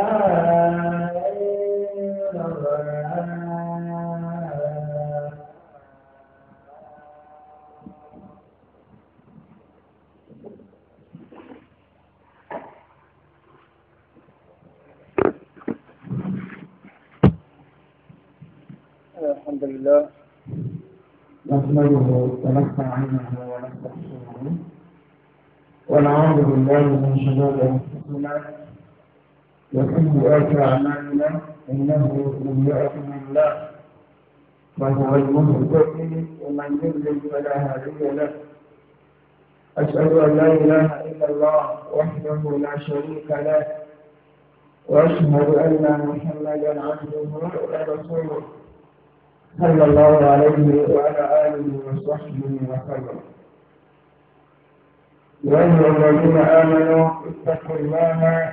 الحمد لله نحمده ونستعينه ونستغفره ونعوذ بالله من شرور انفسنا وسيئات أعمالنا إنه من يأتي الله وهو المهتدي ومن يضلل فلا هادي له أشهد أن لا إله إلا الله وحده لا شريك له وأشهد أن محمدا عبده ورسوله صلى الله عليه وعلى آله وصحبه وسلم يا أيها الذين آمنوا اتقوا الله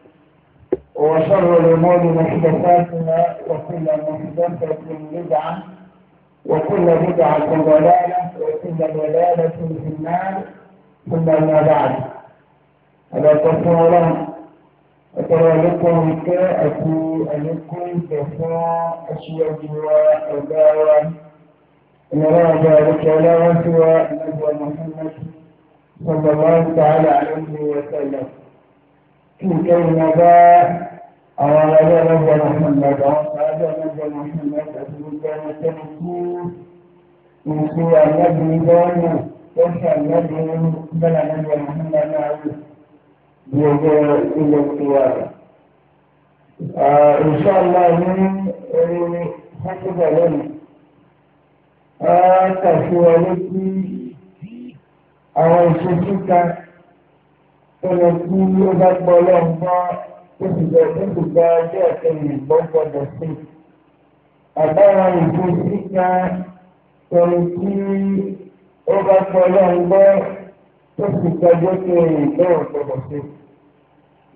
وشر الأمور محدثاتها وكل محدثة بدعة وكل بدعة ضلالة وكل ضلالة في النار ثم ما بعد هذا تصورا أترى لكم كأتي لكم كفاء أشياء جواء أداوة نرى ذلك لا سوى محمد صلى الله تعالى عليه وسلم كي نباه أولا يرجى محمد وقال يرجى محمد أتوجه التنسيس من سوى الذي دونه وشى الذي بلغ نبي محمد معه بيده إلى القيامة إن شاء الله من حسب لنا تسوى لك أو شفتك tọ́lọ tí ó bá gbọ́ lọ́wọ́ bá ó sì jẹ́ ó sì gba ọjọ́ ìkẹyìn ìgbọ́ gbọ́dọ̀ sí i. àbára ìbò síta tọ́lọ tí ó bá gbọ́ lọ́wọ́ bá ó sì gba ọjọ́ ìkẹyìn ìgbọ́ gbọ́dọ̀ sí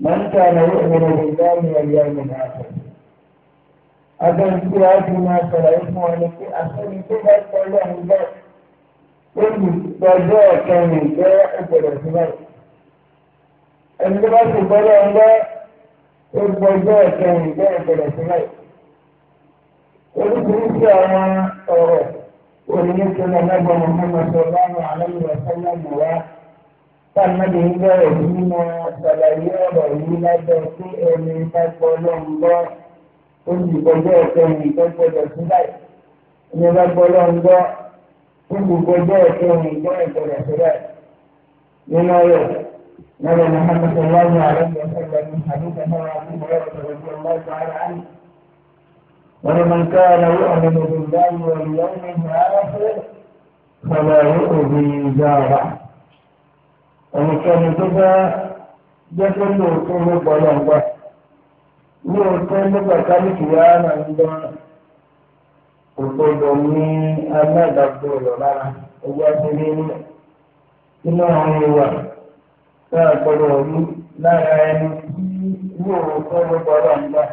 màá ń ta àwọn ìrìn ìgbà mi ọ̀yà mi náà tọ̀. Agbẹ́ni tí a ti máa sọ̀rọ̀ fún ọ ni pé àtẹ́ni tó bá gbọ́ lọ́wọ́ bá ó sì gba ọjọ́ ìkẹyìn ìgbọ́ gbọ́dọ̀ sí báyìí ẹni tó bá sì gbọ́dọ̀ ń lẹ́ ó gbọ́dọ̀ ẹ̀kẹrin bẹ́ẹ̀ bẹ̀rẹ̀ sílẹ̀. oríṣiríṣi àwọn ọ̀rọ̀ òní tó lọ lọ́gbọ̀n Muhammad sallallahu alaihi wa sallam wá sáàmẹ́lì ń bẹ̀rẹ̀ nínú ṣàlàyé ọ̀rọ̀ yìí lábẹ́ sí ẹni ìfẹ́kọ̀ọ́ lọ́ngbọ́ ó sì gbọ́dọ̀ ẹ̀kẹrin ìfẹ́kọ̀ọ́ sílẹ̀ ẹni bá gbọ́dọ̀ ń gbọ́ ó sì gbọ́dọ̀ ẹ̀kẹrin ìfẹ́kọ̀ọ́ sílẹ̀ nínú ọ̀rọ̀ نبي محمد صلى الله عليه وسلم من حديث ابي هريره رضي الله تعالى عنه ولمن كان يؤمن بالله واليوم الاخر فلا يؤذي جاره ẹnikẹ́ni tó bá jẹ́ pé lóòótọ́ ló gbọ́dọ̀ ń gbà lóòótọ́ ló gbà kálíkì yá náà ń gbà kò gbọ́dọ̀ ní alágbàgbọ́ ọ̀rọ̀ lára ẹgbẹ́ abẹ́rẹ́ inú àwọn ìwà náà gbọ́dọ̀ rí lára ẹni tí yóò tọ́ ló gbọ́dọ̀ ń bá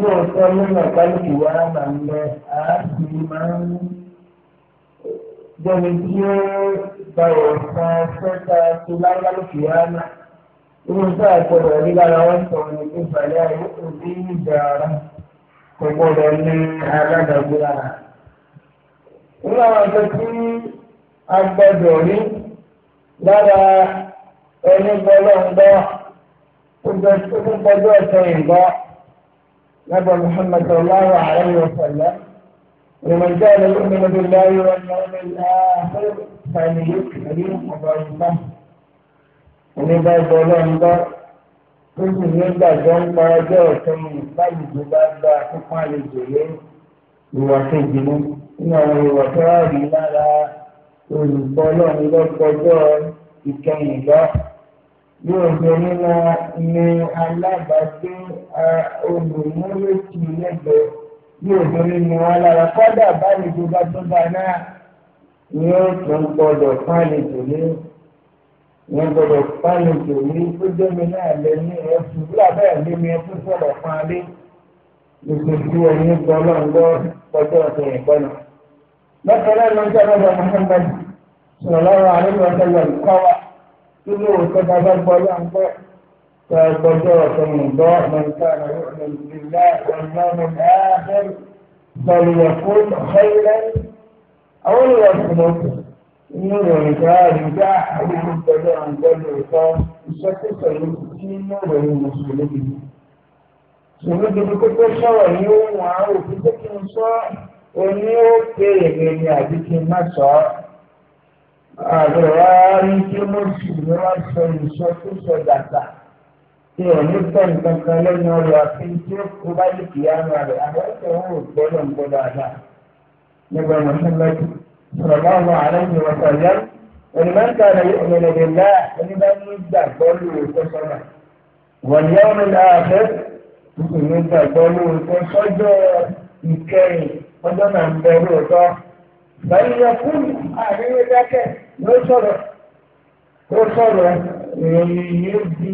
yóò tọ́ lọ́nà kálukú wa máa ń lọ àásì máa ń jẹ́ni tí ó gba ọ̀sán sẹ́ta tó lágbálùkù wa náà irú sáà gbọ́dọ̀ rí lára wọn sọ ní ìfàlẹ́ ayé òbí ìjà ara kò gbọ́dọ̀ ní aládàgbé nínú àwọn akẹ́kọ̀ọ́ a gbọ́dọ̀ rí lára ẹni gbọ́dọ̀ ń gbọ́ onígbọ́dọ̀ ẹ̀sẹ̀ ìgbọ́ نبي محمد صلى الله عليه وسلم لمن كان يؤمن بالله واليوم الآخر فليكرم ضيفه onígbàgbọ́ lọ́ńgbọ́ tó sì nígbàgbọ́ ń pa ọjọ́ ìkẹyìn báyìí tó bá gba pípọ́n àlejò lé ìwà kejì mú nínú àwọn ìwà tó wà lára olùkọ́ lọ́ńgbọ́ pọ̀jọ́ ìkẹyìn lọ́ọ́ bí obìnrin náà ní alábàágbé olùmúlétì lẹ́gbẹ̀ẹ́ bí obìnrin ní wọn lára kọ́dà báyìí tó bá tó bá náà ni ó tún gbọdọ̀ pálejò ní wọn gbọdọ̀ pálejò ní ó jẹ́mi náà lẹ ní ẹ̀sùn bílà bẹ́ẹ̀ lé mi ẹkún sọ̀rọ̀ fún alẹ́ gbogbo tí ẹni gbọ́ náà ń gbọ́ ọjọ́ ọ̀sẹ̀ ìgbọ́ náà. lọ́kọ̀ọ́ náà ló ń jẹ́ sọ̀rọ̀ lọ́wọ́ àríwá ọ̀sẹ̀ yọ̀ nínú nǹkan tá a bá gbọ́ yá ń gbọ́ tá a gbọ́jọ́ ọ̀sán ń gbọ́ mọ̀nká rẹ̀ lọ́nà ìlà ọ̀nàmọ̀ láàbẹ̀rẹ̀ sọ̀rọ̀ fún ọ̀hẹ́rẹ́. àwọn ènìyàn sì lọ sí inú ìròyìn tó a rí dá àwọn olùgbọ́jọ́ ń gbọ́ ní ohun àwọn òfin tó kí n sọ òní ó pè é mi ni àbí má sọ ọ́ ààrẹ wa rí kí mùsùlùmí wá sọ ìṣọ tó sọ dàtà tí ò ní tẹ̀ nǹkan kan lẹ́nu ọ̀rọ̀ àfi tí ó kó bá yìí kìí àmà rẹ̀ àwọn ẹ̀sẹ̀ wọn ò gbọ́dọ̀ ń gbọ́dọ̀ àdá nígbà Muhammad sallallahu alaihi wa sallam ènìyàn kan ìrìnàjò náà ẹni bá ní gbàgbọ́ lóòótọ́ sọ́nà wọ́n yẹ́ wọn ní ààfẹ́ mùsùlùmí gbàgbọ́ lóòótọ́ sọ́jọ́ ìkẹyìn ọjọ́ náà ń bẹ lóòótọ́ báyìí yẹ fún àárín dákẹ́ ló sọ̀rọ̀ ó sọ̀rọ̀ ìròyìn yìí di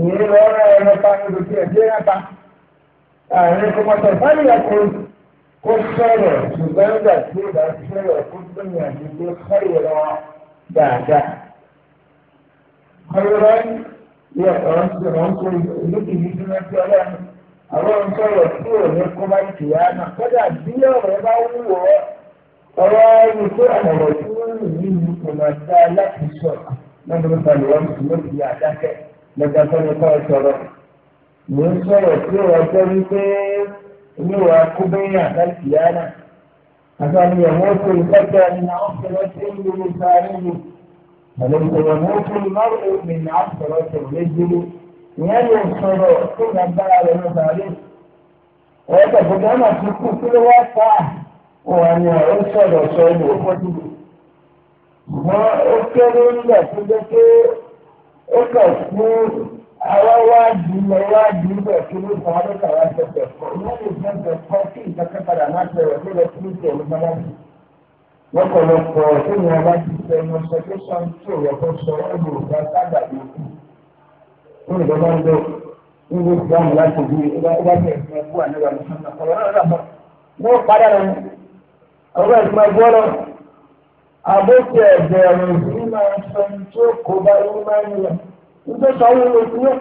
ìròyìn ọ̀rọ̀ ẹ̀rọ pa níbi tí ẹ̀jẹ̀ rẹ̀ pa ààrẹ kọmọtọ̀ fáyà kò kó sọ̀rọ̀ ṣùgbọ́n nígbà tí ó bá sọ̀rọ̀ kó gbìyànjú pé kọ́yọ̀rọ̀ dáadáa kọ́yọ̀rọ̀ yẹ ọ̀rọ̀ ti rọ̀ ń kó lókè yìí tí wọ́n ti ọlọ́run àwọn ń sọ̀rọ̀ tí ò ní kó bá ìkìyà náà kọ́dà bí ọ̀rọ̀ bá wù ọ́ ọ̀rọ̀ ẹni tó ọ̀rọ̀ tí wọ́n lò nínú ìmọ̀ ẹ̀dá láti sọ lọ́dún tó lè wọ́n sùn lóbi àdákẹ́ lọ́jà tó ní kọ́ sọ̀rọ̀. Mò ń sọ̀rọ̀ tí ó wọ́n jẹ́ wípé oníwà kúbẹ́yìn àdáǹtì yánà. Àtàwọn ìyàwó tó náà ń Àwọn ìyàwó tó ń máa ń mi náà sọ̀rọ̀ tó lé dúró. Ìyá lè sọ̀rọ̀ tó ń agbára rẹ̀ lọ́sàárẹ̀. Ọ̀rẹ́ tẹ̀gbọ́n náà ti kú kí ló wọn wà ní ọ̀rọ̀ sọ̀rọ̀ sọ ẹni ó fọ́jú mi. ṣùgbọ́n ó kéré nígbà tó jẹ́ pé ó kàn fún awáwádìí lọ́wádìí bẹ̀ kí ló fà á ló kà wá ṣẹ̀ṣẹ̀ fọ́. wọ́n lè ṣẹ̀ṣẹ̀ fọ́ kí ìkẹ́kẹ́ padà má bẹ̀rẹ̀ tó lọ sí ìṣẹ̀ ló bá lọ́pọ̀lọpọ̀ ènìyàn bá ti fẹ́ ẹnu sọ pé sọ́ńtì ò yẹ kó sọ ọ́ lò bá sábà yòókù. ó lè dọ́gbọ́n ń dọ́ níbi ìdáhùn láti bí ó bá bẹ̀rẹ̀ fún ẹ̀kú àníwá ní sọ́ńtà kọ́lọ́ náà náà bọ̀. wọ́n padà lọ ọba ìgbà gbọ́dọ̀ àbókè ẹ̀jẹ̀ ẹ̀rọ ìdí máa ń sọ ní tí ó kó bá yín máa ń yẹ nígbà tó àwọn olóòtú yóò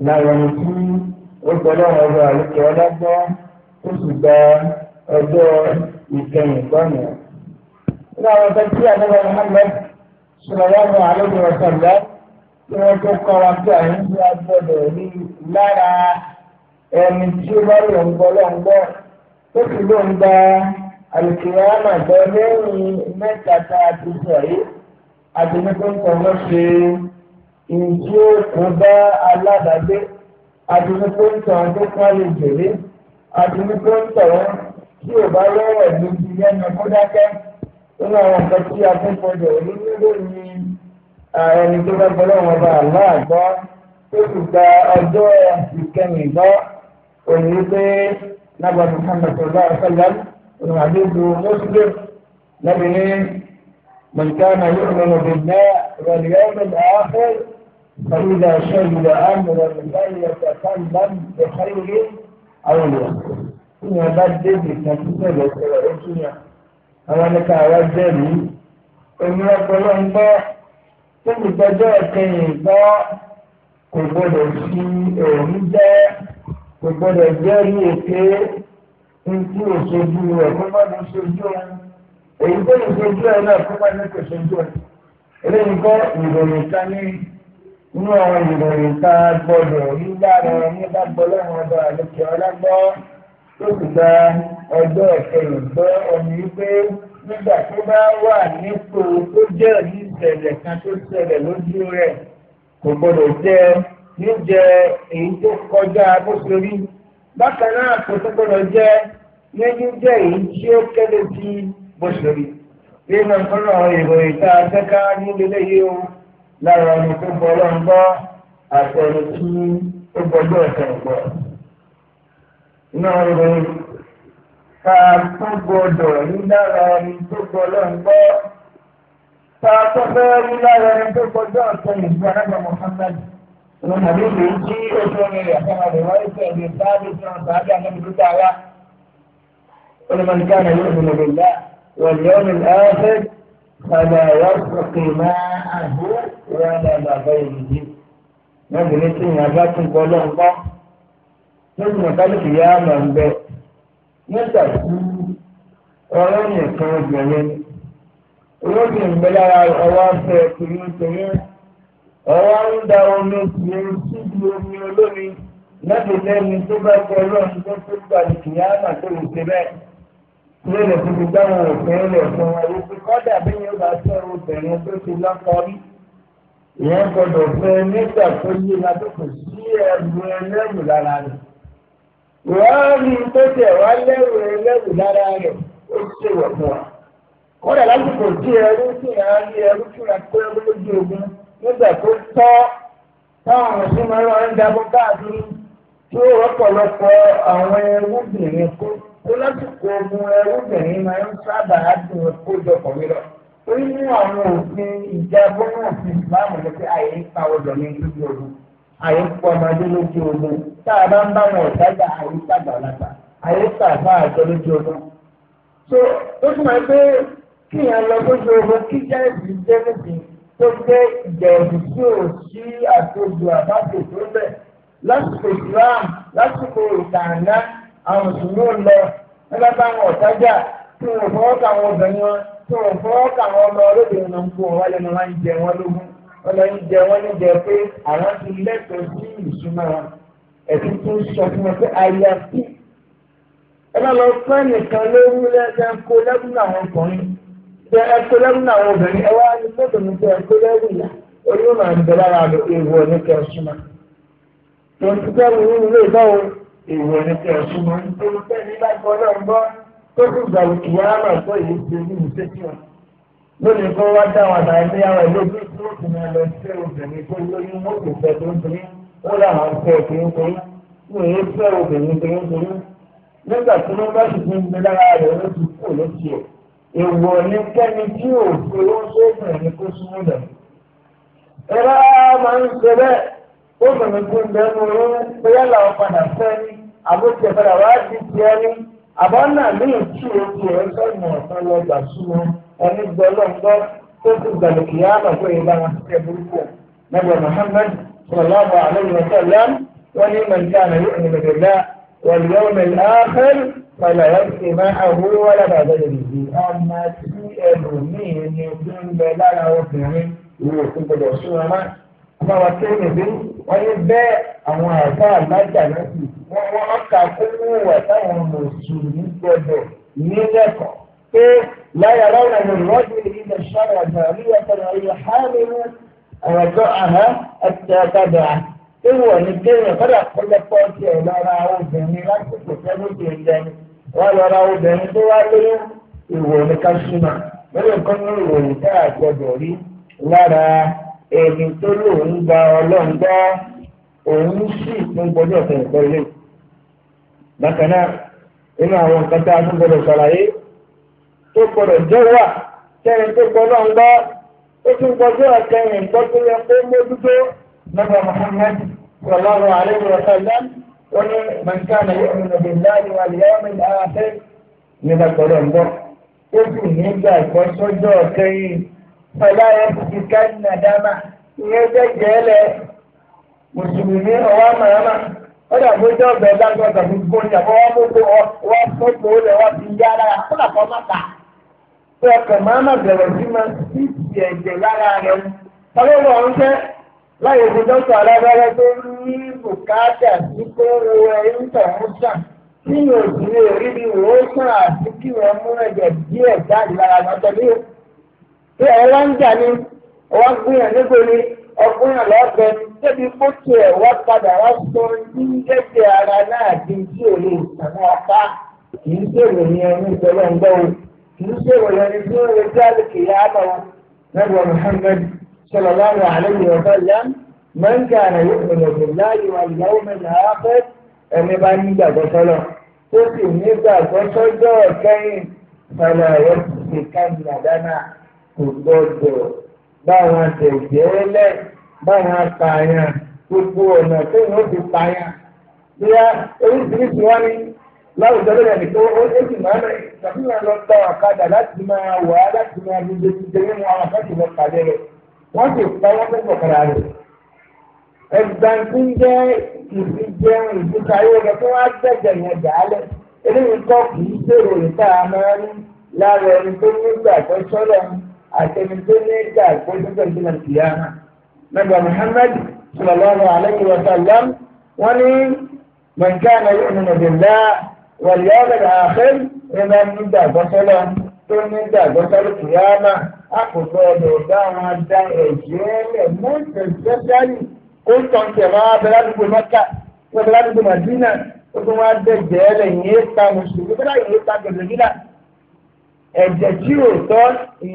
láwọn tí ó gbọ́dọ̀ ọ̀rọ̀ àlùkò ọlọ́gbọ́n ó sì gba ọjọ́ ìkẹyìn gbọ́nà. Ní àwọn ọ̀sẹ̀ tí àdébọ̀ Muhammad sallallahu alaihi wa sallam tí wọ́n tó kọ́ wa pé àyè ń bá gbọ́dọ̀ rí lára ẹni tí ó bá lò ń gbọ́ lọ́ ń gbọ́ ó sì ló ń gba àlùkò ọmọ ìgbọ́ lẹ́yìn mẹ́ta tá a ti sọ yìí àti ní ń kọ́ lọ́ ìjí òkun bá alábàágbé adúlúpéńtà ọdún kan lè jèrè adúlúpéńtà wọn tí ò bá lọ́wọ́ níbi lẹ́nu kó dákẹ́ nínú àwọn nǹkan tí a fún fọdọ̀ onílé ní ẹni tó bá gbọ́dọ̀ wọn bá àlọ́ àgbọ́ tó sì gba ọjọ́ ìkẹyìn gbọ́ òní pé nàbà Muhammad sallallahu alaihi wasallam òun àdéhùn lẹ́bi ní man kana yu'minu billahi wal yawmil akhir. فإذا شهد أمرا فليتكلم بخير أو ليسكت ní ọba débi kan tó bẹ̀rẹ̀ sọ̀rọ̀ ojú yàn àwọn nípa àwa jẹ́rìí èmi ọpọlọ ń gbọ́ tóbi gbọ́jọ́ ìkẹyìn gbọ́ kò gbọ́dọ̀ fi èrí jẹ́ kò gbọ́dọ̀ jẹ́rìí èké ntí òṣojú rẹ̀ kó má ní ṣojú òun èyí tó ní ṣojú ẹ̀ náà kó má ní kò ṣojú òun eléyìí kọ́ ìròyìn kan ní inú àwọn ìròyìn tá a gbọdọ̀ rí lára ẹni bá gbọ́ lọ́wọ́ ọba àlòkè ọlágbọ́ tó sì gba ọjọ́ ìkẹyìn gbọ́ ọmọ wípé nígbà tó bá wà nípò tó jẹ́ ní ìṣẹ̀lẹ̀ kan tó ṣẹlẹ̀ lójú rẹ̀ kò gbọdọ̀ jẹ níjẹ èyí tó kọjá bó ṣe rí bákan náà kò tó gbọdọ̀ jẹ ní jíjẹ èyí tí ó kéré sí bó ṣe rí. nínú nǹkan ìròyìn tá a fẹ́ ká nílé lẹ́yìn o lára ẹni tó bọ ọlọ́run gbọ́ àti ẹni tí ó gbọ́dọ̀ ẹ̀sẹ̀ gbọ́. iná rẹ̀ ká tó gbọ́dọ̀ rí lára ẹni tó bọ ọlọ́run gbọ́ ká tó fẹ́ rí lára ẹni tó gbọ́dọ̀ ẹ̀sẹ̀ ìgbà náà Muhammad. Ìwọ̀n tàbí ìlú tí ó tó ń rìn àtàwọn àdéhùn ẹ̀sẹ̀ ìgbà sáájú tí wọ́n sáájú àgbẹ̀dúgbò dára. ولمن كان يؤمن بالله واليوم الآخر فلا يسقي ماءه ولا لغيره wọ́n bìí tí ìyẹn bá tún gbọ́ lọ́n gbọ́ lórí mẹkáníìkì yá mà ń bẹ nígbà tí ọ̀rọ̀ nìkan obìnrin olóbìnrin ń bẹ lára ọwọ́ afẹ́ ọwọ́ ń da omi tìrì síbi omi olómi láti lẹ́ni tó bá gbọ́ lọ́n tó tó gbà ní kìyàmà tó lè ṣe bẹ́ẹ̀. yóò lè fi gbogbo àwọn òfin lè fún wọn yìí fi kọ́dà bí yóò bá fẹ́ obìnrin tó ti lọ́kọ rí ìyẹn gbọdọ̀ fẹ́ nígbà tó yé la sí ẹ̀rù ẹlẹ́rù lára rẹ̀ wọ́n rí i tó tẹ̀ wá lẹ́rù ẹlẹ́rù lára rẹ̀ ó ṣe wọ̀ fún wa ẹrú tí rí ẹrú tí kó ẹrú lójú ogun nígbà tó tọ́ táwọn máa ó lásìkò ọmọ ẹrúbìnrin máa ń sábà dùn kójọpọ̀ rírọ̀ torí nínú àwọn òfin ìjà gbọ́nà òfin ìsìláàmù ni pé àyè ń pa ọ̀dọ̀ ní lójú ogun àyè ń pọ ọmọdé lójú ogun tá a bá ń bá wọn ọ̀dájà àyè sàgbà lápá àyè sàgbà àjọ lójú ogun. so ó tún máa pé kí ìyẹn lọ lójú ogun kí jẹ́ẹ̀sì jẹ́ nìkan tó jẹ́ ìjà ẹ̀sìn tí ò sí àwọn mùsùlùmí lọ nígbà táwọn ọ̀tájà tí wọn fọwọ́ kà wọn obìnrin wọn tí wọn fọwọ́ kà wọn ọmọ olóbìnrin náà ń kó wọn wálé wọn jẹ lógún lọ ń jẹ pé àwọn ti sí wọn ẹ̀sìn tó ń sọ fún wọn pé ẹ bá lọ nìkan lórí kó lẹ́gùn àwọn ọkùnrin lẹ́gùn àwọn obìnrin wá èèwọ̀ ni kí ọ̀sùn máa ń tó sẹ́ni lágbọ́ náà gbọ́ tó kù gbàgbé kì yára máa gbọ́ èyí ṣe ní ìṣẹ́kí ọ̀ lónìí kó wá dá àwọn àdáyé ní àwọn ìlú tó tó kù máa lọ sí obìnrin tó lóyún wọn kò fẹ́ tó ń torí wọn làwọn fẹ́ òkèèyàn torí wọn èyí fẹ́ obìnrin tó ń torí nígbà tí wọn bá sì ti ń lára rẹ̀ ló ti kú ló ẹ̀ èèwọ̀ ni kẹ́ni tí ò fi ó sóògùn ẹni kó súnmọ́ dà ẹ̀rọ máa ń ṣe bẹ́ẹ̀ ó bẹ̀rẹ̀ tó ń bẹ́ẹ̀ mú un bóyá làwọn padà fẹ́ ní àbótiẹ̀ padà wá di tiẹ̀ ní àbọ̀nà míì tí o tiẹ̀ ń sọ̀rọ̀ ọ̀sán lọ gbà súnmọ́ ẹni gbọ́ lọ́gbọ́ tó ti gbàlẹ̀ kì í àmọ̀ pé ìbá wọn ti burúkú nàbẹ̀ Muhammad sallallahu alayhi wa sallam wọ́n ní mọ̀lẹ́dá àná yóò ní mọ̀lẹ́dá واليوم الآخر فلا يبكي معه ولا بدله أما تسيئ من يكون بلالا وفنعين يكون بدرسونا ما فوكين بي wọ́n ní bẹ́ẹ̀ àwọn àbá àlájà náà sì wọ́n wọ́n kà kúrú wà táwọn mùsùlùmí gbọdọ̀ nílẹ̀kọ̀ pé láyà láwọn ọmọ ìwádìí ní ilẹ̀ ṣọ́ọ̀rọ̀ àgbà àríyá tẹ̀lé ayé hánìlú àwàjọ àhá àti àtàdà ìwọ ní kéèyàn kọ́dà kọ́jà pọ́ọ̀tì ẹ̀ lára obìnrin lásìkò tẹ́lẹ̀ tó wọ́n lọ́ra obìnrin tó wá lóyún ìwọ ní ká lórí nǹkan ní ìròyìn tá ẹni tó lòun gba ọlọ́run gbọ́ òun sì tún gbọdọ̀ tẹ̀ ẹ̀kọ́ ilé. bákan náà nínú àwọn nǹkan tá a tún gbọdọ̀ ṣàlàyé tó gbọdọ̀ jẹ́wà kẹrin tó gbọ́ ọlọ́run gbọ́ ó tún gbọdọ̀ kẹrin gbọ́ tó yẹ kó mójútó nígbà Muhammad sallallahu alayhi wa sallam wọ́n ní yóò mú nàbẹ̀ láàyè wà lè yọ́ mi láàfẹ́ nígbà gbọdọ̀ ń bọ̀ ó sì nígbà ìkọ́sọ́jọ́ kẹrin ọ̀la yẹn ti di káàdì àdámà ìyẹn jẹ́ jẹ́lẹ̀ mùsùlùmí ọ̀wá màmá ọ̀dà bójú ọ̀bẹ lágbọ̀n tàbí gbóyà wọ́n wá mọ́tò wá mọ́tò rẹ̀ wá fi yá lára kódà kọ́ má kà pé ọkàn màmá bẹ̀rẹ̀ sí ma sí ti ẹ̀jẹ̀ lára rẹ̀ tọ́lọ́ lọ ń tẹ́ láyé ti dọ́tọ̀ alágbára tó ní bùkátà sí kó wo ẹ̀yìn tọ̀hún sàn tí yóò sì lè rí bí wọ́n sàn àti kí wọ́n mú ẹ̀jẹ̀ díẹ̀ jáde lára lọ́tọ̀ pé ẹ wá ń jà ní ọwọ́ gbìyàn nígbò ní ọgbìyàn lọ́bẹ débi kó tiẹ̀ wá padà wá sọ ní gẹ́gẹ́ ara náà di tí ò lè sàmú ọ̀tá kì í ṣèrò yẹn ní ìṣẹ̀lẹ̀ ń gbọ́ o kì í ṣèrò yẹn ní bí ó lè jáde kì í yá lọ nàbẹ Muhammad sallallahu alaihi wa sallam man kana yu'minu billahi wal yawmil akhir ẹni bá ní gbàgbọ́ sọ́lọ̀ tó sì ní gbàgbọ́ sọ́jọ́ kẹ́yìn fẹlẹ̀ ẹ̀yọ́ kò gbọdọ̀ báwọn àtẹ̀jẹ́ lẹ̀ báwọn apààyàn gbogbo ọ̀nà tó ń fi pààyàn. bí a oríṣiríṣi wá ní láwùjọ lórí ẹni tó ó sì máa ń ṣàfihàn lọ gba ọ̀kadà láti máa wà á láti máa fi gbèsè nínú àwọn àfẹ́sì lọ pàdé rẹ̀ wọ́n sì pa wọ́n fẹ́ fọ̀kàrà rẹ̀. ẹ̀gbọ́n tí ń jẹ́ ìfijẹun ìfikayé rẹ̀ tó wá gbẹ̀jẹ̀ yẹn dàálẹ̀ eléyìí kọ́ kì í ṣèrò ìta àmọ́ lára ẹni tó nígbà tó sọ́lọ́ حتى من ضمن الكعب كنت من القيامة نبي محمد صلى الله عليه وسلم ولي من كان يؤمن بالله واليوم الآخر إذا من ذا بصلا ثم من ذا بصل القيامة أقصد دعوة دائجين من تسجل قلت أنت ما بلاد بمكة وبلاد بمدينة وبلاد بمدينة وبلاد بمدينة وبلاد بمدينة ẹ̀jẹ̀ tí ò tọ́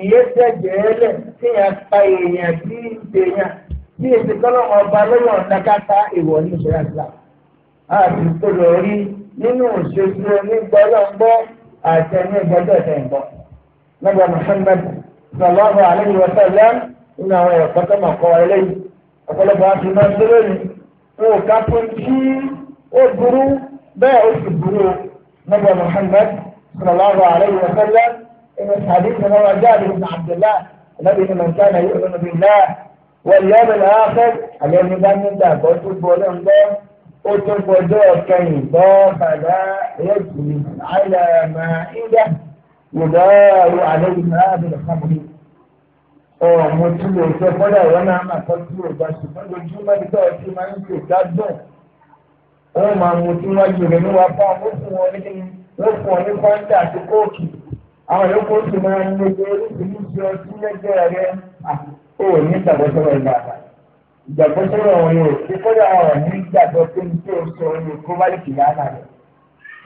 ìyẹn tẹ̀jẹ̀ ẹlẹ̀ tí yẹn pa èèyàn tí ń ṣe yẹn bí èsì kọ́lọ́ ọba lọ́wọ́ ọ̀dàkàtà ìwọ̀ ní ìṣẹ̀lẹ̀ àgbà. àti gbọdọ̀ rí nínú òṣèlú onígbọ́lọ́gbọ́ àti ẹni ìgbọ́dọ̀ ẹ̀tẹ̀ǹgbọ́. lọ́gbà Muhammad sallallahu alayhi wa sallam nínú àwọn ẹ̀kọ́ tó mọ̀ kọ́ eléyìí ọ̀pọ̀lọpọ̀ àti إن حديث ما جابر بن عبد الله النبي من كان يؤمن بالله واليوم الآخر اليوم بان يبدأ بوتو بولون بو أوتو بوجو كي بو فلا يجلس على مائدة يدار عليها بالخمر ọ mo tún lè fẹ fọdà ìwọ náà máa kọ sí ògbà ṣùgbọ́n lójúmọ́ ní bẹ́ẹ̀ tí máa ń ṣe gbádùn ó máa mutí wájú rẹ̀ níwájú àwọn ó fún wọn ní wọ́n fún ọ ní kọ́ńtà àti kóòkì àwọn yòókù tó máa ń lójú oríṣiríṣi ọtí lẹ́gbẹ̀ẹ́ rẹ ò ní ìgbàgbọ́sọ̀rọ̀ ìgbàgbà ìgbàgbọ́sọ̀rọ̀ òun yóò ti kọ́dà ọ̀rọ̀ ní ìgbàgbọ́ pé ní tí o sọ ní kó bá lè kìlá náà rẹ̀.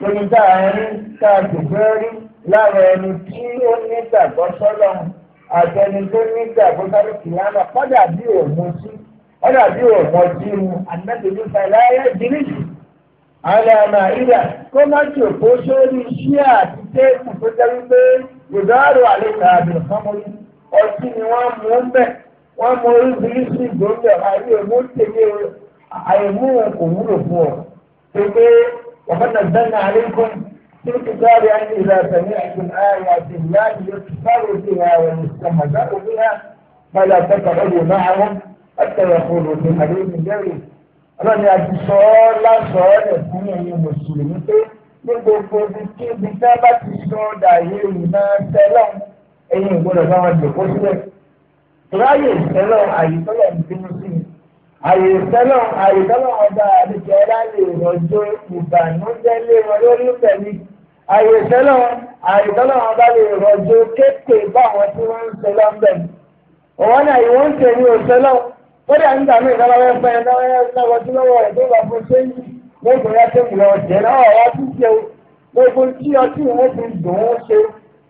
lórí tá a rí tá a sì fẹ́ rí lára ẹni tí ó ní ìgbàgbọ́sọ̀rọ̀ àtẹni tó ní ìgbàgbọ́sọ̀rọ̀ kìlá náà kọ́dà bí òun sí kọ́dà bí òun mọ́ sí mu àtẹ́tẹ̀lú àlànà ìdà kó má jòkó sórí iṣẹ́ àti téèkù tó jẹ́ wípé ìdárò àlejò àbẹ̀ fọ́mọlú ọtí ni wọ́n mú ń bẹ̀ wọ́n mú oríṣiríṣi ìgbóhùn àyè èmú tèmi àyèmú kò wúlò fún ọ. pépé wàhánà dáná àlékún tí ó ti sáré àyè ìlàsà ní àìsàn ààrẹ àti ìyáàdì yóò ti sáré sí ààrẹ ìsàmàdà òmìnira padà tẹ́tà ọ̀dọ̀ máa wọn àtẹ̀yẹ̀fọ́ lòdì àdéhùn jẹ́rìí ọlọ́run ni àdìsọ́ lásọ̀ rẹ̀ fún ẹ̀yin mùsùlùmí pé ní gbogbo ibi tí wọ́n bá ti sọ ọ́dà yìí iná tẹ́lọ̀ ẹ̀yin ìgbọ́dọ̀ bá wọn jòkó sílẹ̀. ráyè tẹ́lọ̀ àyètọ́lọ̀ ń bínú sí i àyè tẹ́lọ̀ àyètọ́lọ̀ ọba àdìsẹ́ láyè ìrọ̀jọ́ ìbànújẹ́ lé wọn lórí pẹ̀lú àyè tẹ́lọ̀ àyètọ́lọ̀ ọba lè rọ̀jọ́ kéèké báwọn tí wọ́n ń tẹ́lọ̀ ń bẹ̀. òwò kódà nígbà míì tó bá fẹ́ fẹ́ lọ́wọ́ tí lọ́wọ́ rẹ̀ tó bá fọ́ sẹ́yìn lóògùn yá tó kù lọ́wọ́ jẹ́ náà wá tún jẹ́ o gbogbo tí ọtí wọn fi dùn ún ṣe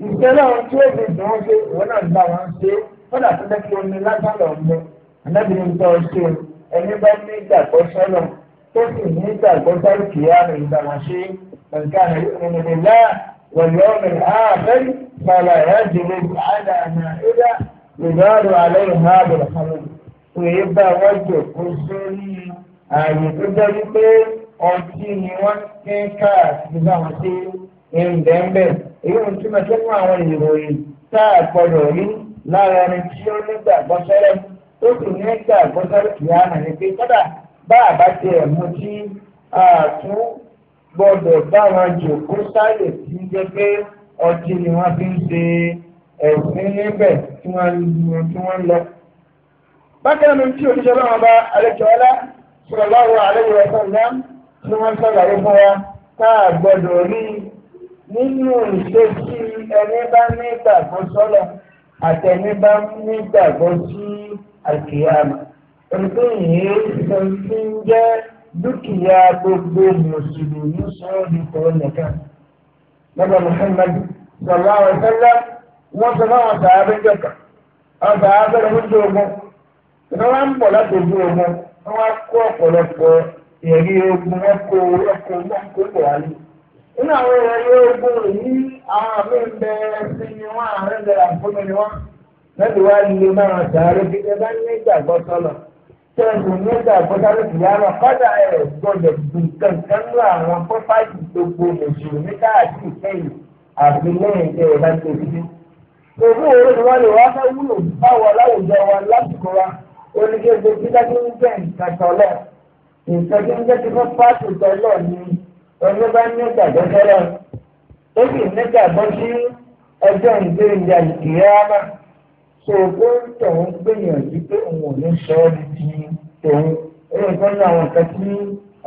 ìṣẹ́ náà tí ó fi dùn ún ṣe ìwọ náà ń wọn ṣe kódà tó fẹ́ omi lágbàlọ́ ọ̀gbẹ́ anábìrin tó ṣe ẹni bá ní ìgbàgbọ́ sọ́nà tó sì ní ìgbàgbọ́ sọ́nà واليوم الآخر فلا يجلس على مائدة يدار عليه هذا pèé bá wọ́n jòkó sórí ààyè tó jẹ́ wípé ọtí ni wọ́n ti ń káàkiri báwọn ṣe ń bẹ́ẹ̀ èyí ń túmọ̀ sí fún àwọn ìròyìn tá a gbọdọ̀ rí lára ẹni tí ó nígbàgbọ́ sẹ́rẹ̀ tó sì ní gbàgbọ́ sẹ́rẹ̀ kì í hàn ní pé kódà bá a bá tiẹ̀ mú tí a tún gbọdọ̀ bá wọn jòkó sáyè tí ń jẹ́ pé ọtí ni wọ́n fi ń ṣe ẹ̀sìn níbẹ̀ tí wọ́n lọ bákan náà tí òṣìṣẹ́ náà bá àlejòọ́lá sallallahu alaihi wa sallam tí wọ́n sọ̀rọ̀ fún wa tá a gbọ́dọ̀ rí nínú ìṣesí ẹni bá ní ìgbàgbọ́ sọ́lọ̀ àtẹni bá ní ìgbàgbọ́ sí àkìyàmà ẹgbẹ́ yìí sọ ti ń jẹ́ dúkìá gbogbo mùsùlùmí sọ́ọ́ kọ́ nìkan. Bàbá Muhammad sallallahu alaihi wa wọ́n sọ fún àwọn sàábẹ́ àwọn sàábẹ́ lọ́wọ́ ìná wa ń bọ̀ láti ojú ogun wọ́n wá kó ọ̀pọ̀lọpọ̀ ẹ̀rí ogun ẹ̀kọ́ ẹ̀kọ́ mọ́kó bọ̀ wálé. nínú àwọn ẹ̀rí ogun yìí àwọn àmì ń bẹ ẹsìn ni wọ́n àárín bẹ̀rẹ̀ àfọ́nù ni wọ́n lẹ́nu wá lè sàárè bí ẹ bá ní ìgbàgbọ́ sọ́lọ̀ ní ìgbàgbọ́ kọ́dà ẹ̀ gbọ́dọ̀ àwọn pọ́fáìtì gbogbo mùsùlùmí káàkiri kẹ́yìn àfi lẹ́yìn tẹ́ ẹ oníke gbogbo dájú ń jẹ́ nǹkan tọ́lọ̀ nǹkan tó ń jẹ́ ti fún pàṣẹ tọ́lọ̀ ni oníbà nígbàgbọ́ tọ́lọ̀ ó sì nígbàgbọ́ sí ọjọ́ ìgbéyìí àìkìyàmà ṣòkó tòun gbìyànjú pé òun ò ní sọ ọ́ di ti tòun ó lè kọ́ ní àwọn kan tí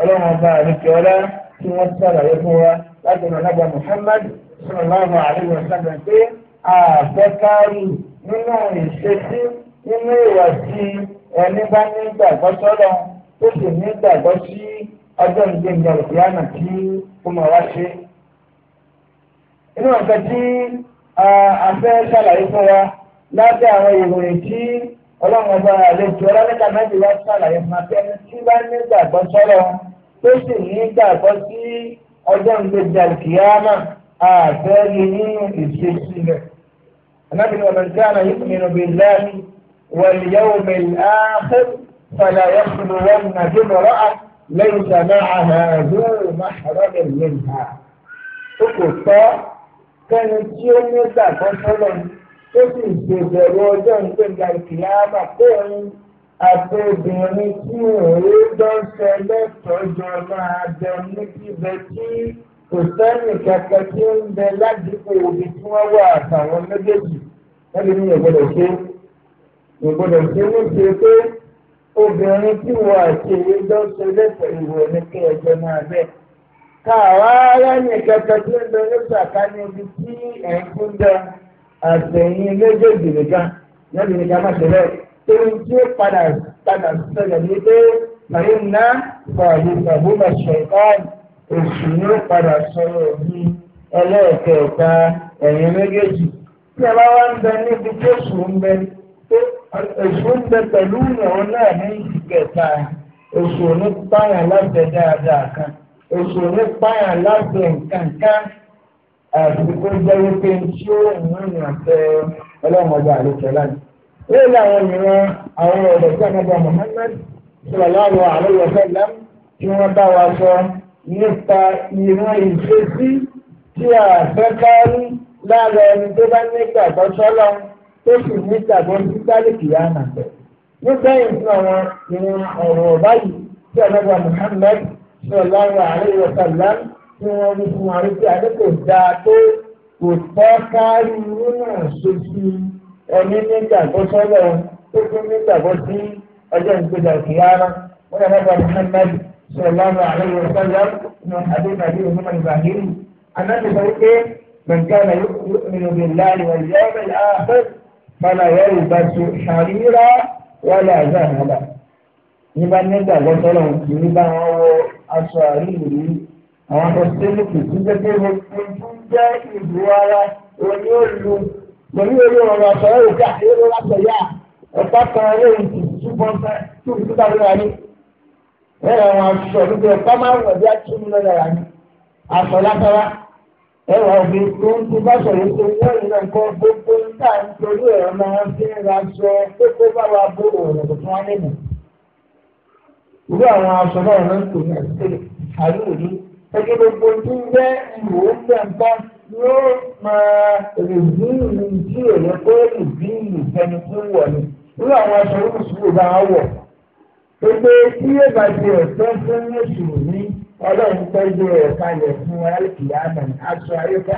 ọlọ́run ọba àríkẹ́ ọlá tí wọ́n sàlàyé fún wa láti ọ̀nà lágbà Muhammad sallallahu alaihi wasallam pé àfẹ́kárí nínú ìṣesí nínú ìwà sí i ẹni bá ní gbàgbọ́ sọ́lọ́ ó sì ní gbàgbọ́ sí ọjọ́ ìgbéǹda ìfìyànà tí ó máa wá ṣe. inú ọ̀sẹ̀ tí a fẹ́ ṣàlàyé fún wa lábẹ́ àwọn ìròyìn tí ọlọ́run ọba àlejò ọlọ́lẹ́ta méjì wá ṣàlàyé fún akẹ́ni tí bá ní gbàgbọ́ sọ́lọ́ tó sì ní gbàgbọ́ sí ọjọ́ ìgbéǹda ìfìyànà àfẹ́ rí nínú ìṣesí rẹ̀. anábìnrin ọ̀nà ìṣẹ́ àná yìí kò nínú bíi lẹ́yìn. واليوم الآخر فلا يخلون بامرأة ليس معها ذو محرم منها فقلت كان يوم ذاك وسلم تسي بزرو جن بين القيامة كون àtẹ̀bìnrin tí òun dánṣẹ́ lẹ́tọ̀ọ́jọ́ máa bẹ níbibẹ̀ tí kò sẹ́nì kankan tí ó ń bẹ ládùúgbò òbí tí wọ́n wà àtàwọn méjèèjì wọ́n lè ní ìyẹn gbọ́dọ̀ ṣe é ìgbọ́dọ̀ ṣe wọ́n ṣe pé obìnrin tí wọ́n àti èyí jọ ṣe lẹ́sẹ̀ ìwọ̀ ní kí ẹjọ́ máa bẹ́ẹ̀. káwa ara nìkan kan tí ó ń lọ ní sàkání ibi tí ẹ̀ ń fún jẹ àtẹ̀yìn méjèèjì nìkan lẹ́nu nìkan má ṣe bẹ́ẹ̀. ohun tí ó padà padà sọ̀rọ̀ ní pé màyín ná fààyè sàbúmọ̀ ṣẹ̀kán èṣù ni ó padà sọ̀rọ̀ ní ẹlẹ́ẹ̀kẹ̀ẹ̀ta ẹ̀yìn méjèèjì. tí a bá wá ń bẹ níbi tó sùn ń bẹ èso ń bẹ pẹ̀lú ìyàwó náà ní ìkẹta èso ní páyà láti dáadáa kan èso ní páyà láti nǹkan kan àsìkò jẹ́ wípé tí ó ń rìn àtẹ ọlọ́mọdé àlejò lánàá. Èyí làwọn mìíràn àwọn ọ̀dọ̀ tí a máa bá Muhammad sallallahu alaihi wasallam tí wọ́n bá wa sọ nípa ìran ìṣesí tí a fẹ́ kárí lára ẹni tó bá nígbàgbọ́ sọ́lọ́run. tó sì ní ìgbàgbọ́ sísáré kìlá ní sẹ́yìn fún àwọn ìrìn ọ̀rọ̀ báyìí tí ọlọ́gbà Muhammad sallallahu alaihi wa sàlá tí wọ́n wí fún wa wípé àdókò dáa tó kò tọ́ kárí nínú ṣoṣù ẹni nígbàgbọ́ sọ́lọ̀ tó tún nígbàgbọ́ sí ọjọ́ ìgbéga kìlá náà wọ́n yà lọ́gbà Muhammad sallallahu alaihi wa sallam ní àdéhùn àdéhùn mímọ́ ìbàdí النبي يقول من كان يؤمن بالله واليوم الآخر fala yarbasu harira wala zahaba nígbà nígbà lọ́sọ̀rọ̀ kì í bá wọn wọ aṣọ àríwì yìí àwọn aṣọ sílíkì tí gbẹgbẹ gbogbo tó ń jẹ ìlú ara òní òlu pẹ̀lú orí ọ̀rọ̀ àṣọyọ òkè àṣeyọrọ látọyà ọ̀pá kan lóyún tì túbọ̀ fẹ́ tí òkú tàbí rà ní. bẹ́ẹ̀ àwọn aṣọ nígbà ọ̀pá máa ń wọ̀ bí a tún aṣọ látara ẹwà òbí tó ń tó bá sọ̀rọ̀ tó wọ́n yìí náà kọ́ gbogbo níta nítorí ẹ̀rọ máa fi ń ra aṣọ gbogbo bá wa bó ọ̀rọ̀ tó fún wa nínú. Irú àwọn aṣọ náà ló ń tò ní àtìlẹ̀ àlóòrí. Ẹgbẹ́ gbogbo tí ń jẹ́ ìwò ń bẹ̀ ń bá yóò máa rìbíìnì tí èlé pé rìbíìnì fẹni tó wọ̀ ni. Irú àwọn aṣọ oríṣiríṣi bá wọ̀. Gbogbo tí yóò bá ti ẹ̀fẹ́ fún mẹ́sùn ní ọlọ́run tọ́jú rẹ̀ kalẹ̀ fún alìkìyàmọ̀ aṣọ ayéfà.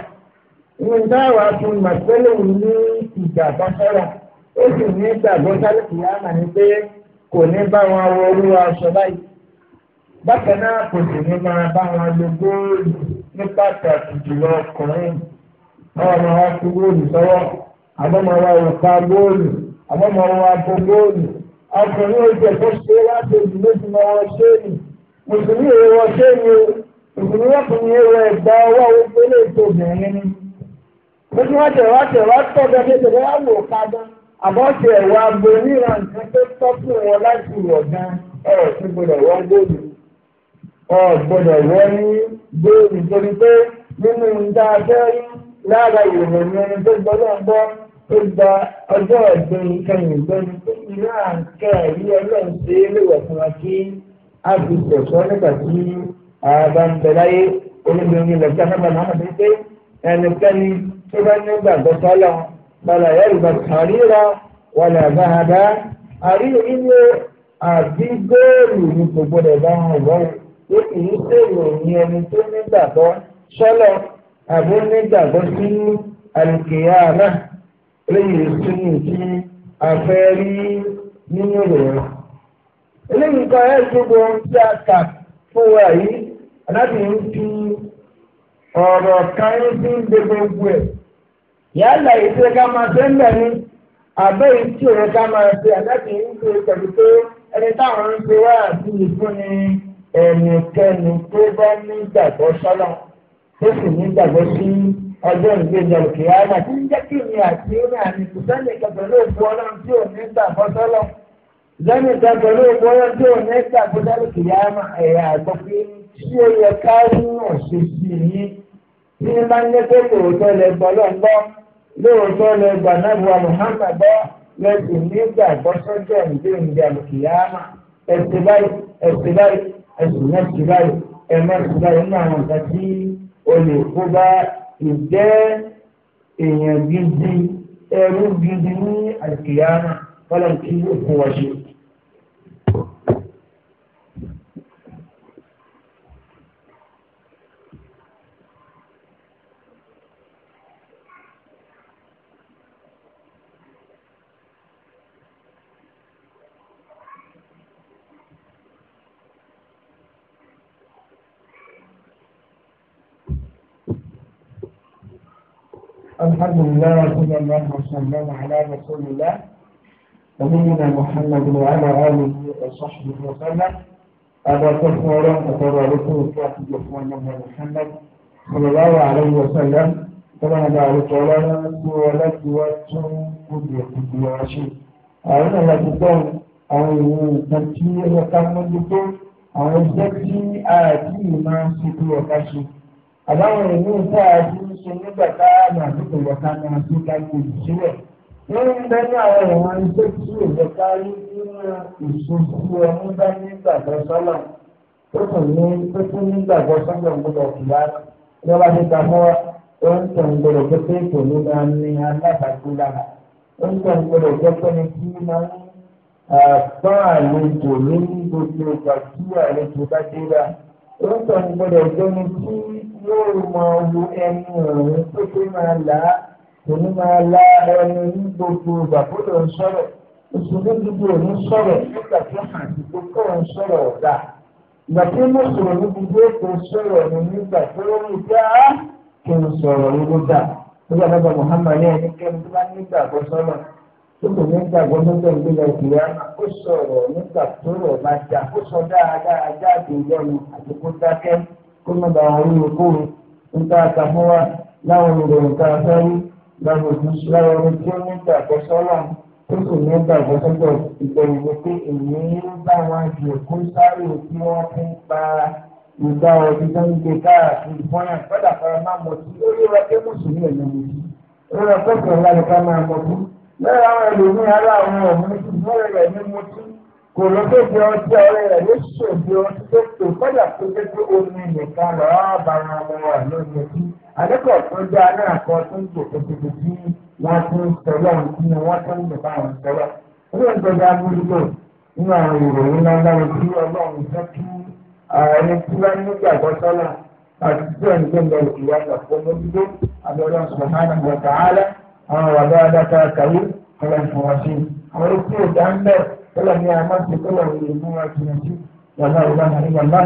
Ìwọ̀n táwa fún Màsẹ́lẹ̀mù ní ìgbàgbọ́ sọ́ra, ó sì ní ìgbàgbọ́ sálìkìyàmọ̀ ni pé kò ní bá wọn wọ aṣọ báyìí. Bákan náà kò sì ní máa bá wọn lo góòlù ní pàtàkì jùlọ ọkùnrin. fi góòlù góòlù, góòlù. Ọkùnrin ó jẹ́ kó ṣe láti ìdílé tí mùsùlùmí èèwọ̀ ṣé ni o mùsùlùmí lọ́kùnrin èèwọ̀ ẹ̀gbà ọwọ́ ogun ilé ètò obìnrin ni. mo ti wọ́n tẹ̀wá tẹ̀wá tọ́jọ́ bí tẹ̀wá wà wò kájọ́ àbọ̀ tẹ̀ wá bo níra nǹkan tó tọ́ fún wọn láti wọ̀ gan ẹ̀ ti gbọdọ̀ wọ́n góòlù ọ̀ gbọdọ̀ wọ́n ní góòlù torí pé nínú ìdá abẹ́rí lára ìròyìn ẹni tó gbọ́dọ̀ gbọ́ ó gba ọjọ́ ẹ̀gbìn kẹyìn gbẹ́ni pé ìlú à ń kẹ́ ẹ̀rí ọlọ́run ṣe é lè wọ̀ fún wa kí a fi tẹ̀sọ́ nígbà tí a bá ń bẹ láyé olóbìnrin lọ́jà náà bá máa ń pè é ẹnikẹ́ni tó bá ní gbàgbọ́ sọ́lọ́ bala yẹ́rùbá kàríra wàlẹ̀ àbáhàdá àrí inú àbí góòlù ní gbogbo rẹ̀ bá wọn wọ́n ó kì í sèrò ní ẹni tó nígbàgbọ́ sọ́lọ́ àbí nígbàgbọ́ sí àlùkìyáámà lẹ́yìn ìsúnì tí a fẹ́ rí nínú rẹ̀ eléyìí kan ẹ̀ gbogbo ohun tí a kà fún wa yìí aláàbí ń fi ọ̀rọ̀ kan ń fi ń de gbogbo ẹ̀ yálà ètò ẹ̀ka máa ṣe ń bẹ̀ ni àbẹ́ ìtì ẹ̀ka máa ṣe aláàbí ń fi pẹ̀lú pé ẹni táwọn ń fi wá àti ìfúnni ẹnikẹ́ni tó bá nígbàgbọ́ sọ́lọ́ tó sì nígbàgbọ́ sí ọjọ́ ìgbéjà òkè àgbà tí ń jẹ́ kí ni àti ní àmì kùsẹ́nì kẹfẹ́ ló fún ọlọ́run tí ò ní gbàgbọ́ sọ́lọ́ lẹ́nu ìdájọ́ ló gbọ́dọ̀ tí ò ní gbàgbọ́dọ̀ kìí àmà ẹ̀yà àgbọ̀ pé tí ó yẹ ká nínú ṣèṣì yìí tí ní bá ń lé pé lóòótọ́ lẹ gbọ́ lọ́gbọ́ lóòótọ́ lẹ gbà náà wà Muhammad bọ́ lẹ́sìn ní gbàgbọ́ sọ́jọ́ ìdí ìdí àmì kìí àmà ẹ̀sìn báyìí ẹ̀sìn báyìí ẹ̀sìn náà sì báyìí ẹ̀mọ́ sì báyìí nínú àwọn nǹkan tí o lè kó bá ìjẹ́ èèyàn gidi ẹrú gidi ní àkìyàmà fọlọ́n kí ó fún wa ṣe. الحمد لله وصلى الله وسلم على رسول الله نبينا محمد وعلى آله وصحبه وسلم أبا كفر أتباركه كاتب إخواننا محمد صلى الله عليه وسلم كما ذلك لنا ولد وتنقل كل شيء أنا لا تكون àwọn ìwọ̀n nǹkan tí ẹ̀ka mọ́jútó àwọn iṣẹ́ tí àti ìmọ̀ ṣe bí ọ̀ká ṣe àbáwọn ìlú tá a ti ń ṣe nígbà tá a nà àtúntò wọ̀ká ní àtúntò àgbègbè sílẹ̀. wọ́n ń bẹ ní àwọn ìwọ̀n iṣẹ́ tí ìjọba rí nínú ìṣòfò ọmú bá nígbàgbọ́ sọ́nà tó tún ní tó tún nígbàgbọ́ sọ́nà gbọdọ̀ kìlá ní wọ́n bá ti ta fún wa ó ń tàn gbọdọ̀ pépé kò ní máa ní alábàágbé lára ó ń tàn gbọdọ̀ pépé ni kí máa ń bá àlejò ní gbogbo ìgbà orúkọ ìgbọ́dọ̀ jẹ́ni tí yóò mọ ohun ẹnu ọ̀hún tó tó máa là á òní máa la ẹnu ní gbogbo ìgbà tó lọ sọ̀rọ̀ oṣù méjìdí òní sọ̀rọ̀ nígbà tó hàn sí pé kó ń sọ̀rọ̀ ọ̀gá ìgbà tí mo sọ̀rọ̀ níbi tí ó kò sọ̀rọ̀ ní nígbà tó ó rí bí á kò sọ̀rọ̀ ló dà nígbà tó bá Muhammad ní ẹnikẹ́ni tó bá nígbà tó sọ̀rọ̀ tó kò ní gbàgbọ́ lọ́jọ́ ìgbéga ìgbéga ó sọ̀rọ̀ nígbà tó rọ̀ bá jà ó sọ dáadáa jáde lẹ́nu àti kó dákẹ́ kó má bàa rí okòrò nígbà ta fún wa láwọn ìròyìn tá a fẹ́ rí láwọn òjijì láwọn ẹni tí ó ní gbàgbọ́ sọ́lá tó kò ní gbàgbọ́ sọ́jọ́ ìgbẹ̀yìn ni pé èyí ń bá wọn di òkú sáré tí wọ́n fi ń pa ìgbà ọdún tó ń gbé káàkiri fọ́nà gbọ́dọ̀ fara má mọ̀ sí ó yẹ wá pé mùsùlùmí ẹ̀ lọ́mọ sí ó yẹ wá pé kò ń láyé ká máa mọ̀ sí lẹ́yìn àwọn ẹlòmíì ara àwọn ọ̀hún ti bọ́ọ̀rẹ̀ rẹ̀ ní mutí kò lọ tó di ọtí ọ̀rẹ́ rẹ̀ ní ṣòfin ọtí tó tó kọ́jà tó dé pé omi nìkan lọ́ọ́ bá wọn ọmọ rẹ̀ lóye bí àdékọ̀ tó dá náà kọ́ tó ń gbò tó ti di wọ́n ti ń sọ̀rọ̀ kí wọ́n tó ń gbà wọn sọ̀rọ̀ ilé ìjọba amúlùmọ̀ nínú àwọn ìròyìn lágbára tí ọlọ́run fẹ́ kí ààrẹ tí wọ́n ní gbàgbọ́ sọ́lá àti tí wọ́n ń gbé lọ ìwà ìgbàgbọ́ lójúdó àbẹ̀rẹ̀ ọ̀sán àwọn wà dáadáa ká kàwé kọlọ ìfọwọ́sí àwọn ikú ìdá ń bẹ̀ kọlọ ní àmà sí kọlọ ìlú mú wa jìnnà sí wàlá ìlú àmà ní wàlá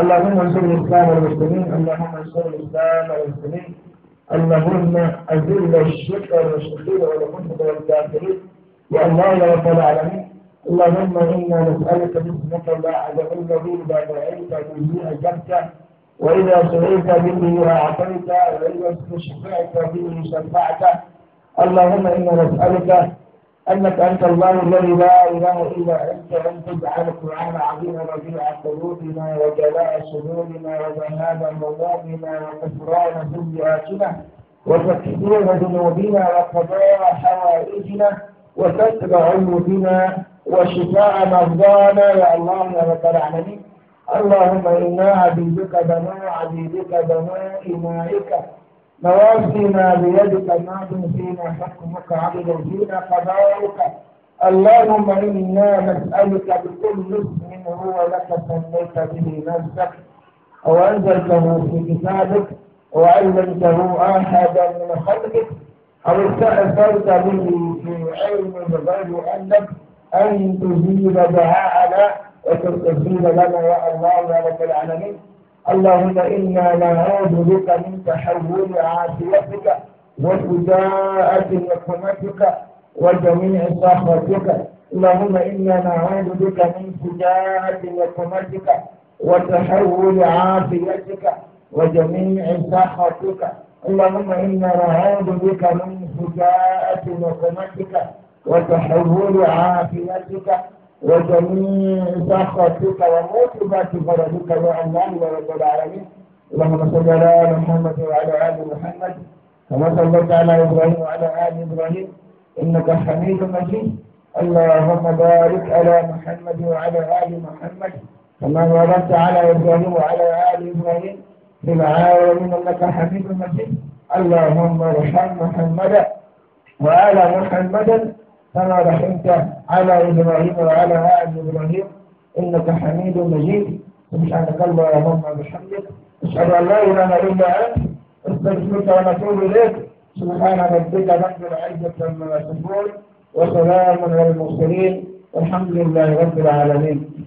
اللهم انصر الاسلام والمسلمين اللهم انصر الاسلام والمسلمين اللهم انصر الاسلام والمسلمين اللهم اذل الشرك والمشركين والمنفق والكافرين يا الله يا رب العالمين اللهم انا نسالك باسمك لا عدم الذي لا داعي به اجبته وإذا سعيت به أعطيت وإذا استشفعت به شفعت اللهم إنا نسألك أنك أنت الله الذي لا إله إلا أنت أن تجعل القرآن عظيما رفيع قلوبنا وجلاء صدورنا وذهاب مواطنا وغفران سيئاتنا وتكفير ذنوبنا وقضاء حوائجنا وتتبع عيوبنا وشفاء مرضانا يا الله يا رب العالمين اللهم إنا عبيدك بنو عبيدك بنو إمائك نواصينا بيدك ماض فينا حكمك عبد فينا قضاؤك اللهم إنا نسألك بكل اسم هو لك سميت به نفسك أو أنزلته في كتابك وعلمته أحدا من خلقك أو استأثرت به في علم الغيب أنك أن تجيب دعاءنا وتستجيب لنا يا الله يا رب العالمين اللهم إنا نعوذ بك من تحول عافيتك وفداءة نقمتك وجميع صحوتك اللهم إنا نعوذ بك من فداءة نقمتك وتحول عافيتك وجميع صحتك اللهم إنا نعوذ بك من فجاءة نقمتك وتحول عافيتك وجميع سخطك وموتك فضلك وعنان يا رب العالمين اللهم صل على محمد وعلى ال محمد كما صليت على ابراهيم وعلى ال ابراهيم انك حميد مجيد اللهم بارك على محمد وعلى ال محمد كما باركت على ابراهيم وعلى ال ابراهيم في العالمين انك حميد مجيد اللهم ارحم محمدا وآل محمدا كما رحمته على إبراهيم وعلى آل إبراهيم إنك حميد مجيد سبحانك اللهم وبحمدك أشهد أن لا إله إلا أنت استغفرك ونتوب إليك سبحان ربك رب العزة عما يصفون وسلام على المرسلين والحمد لله رب العالمين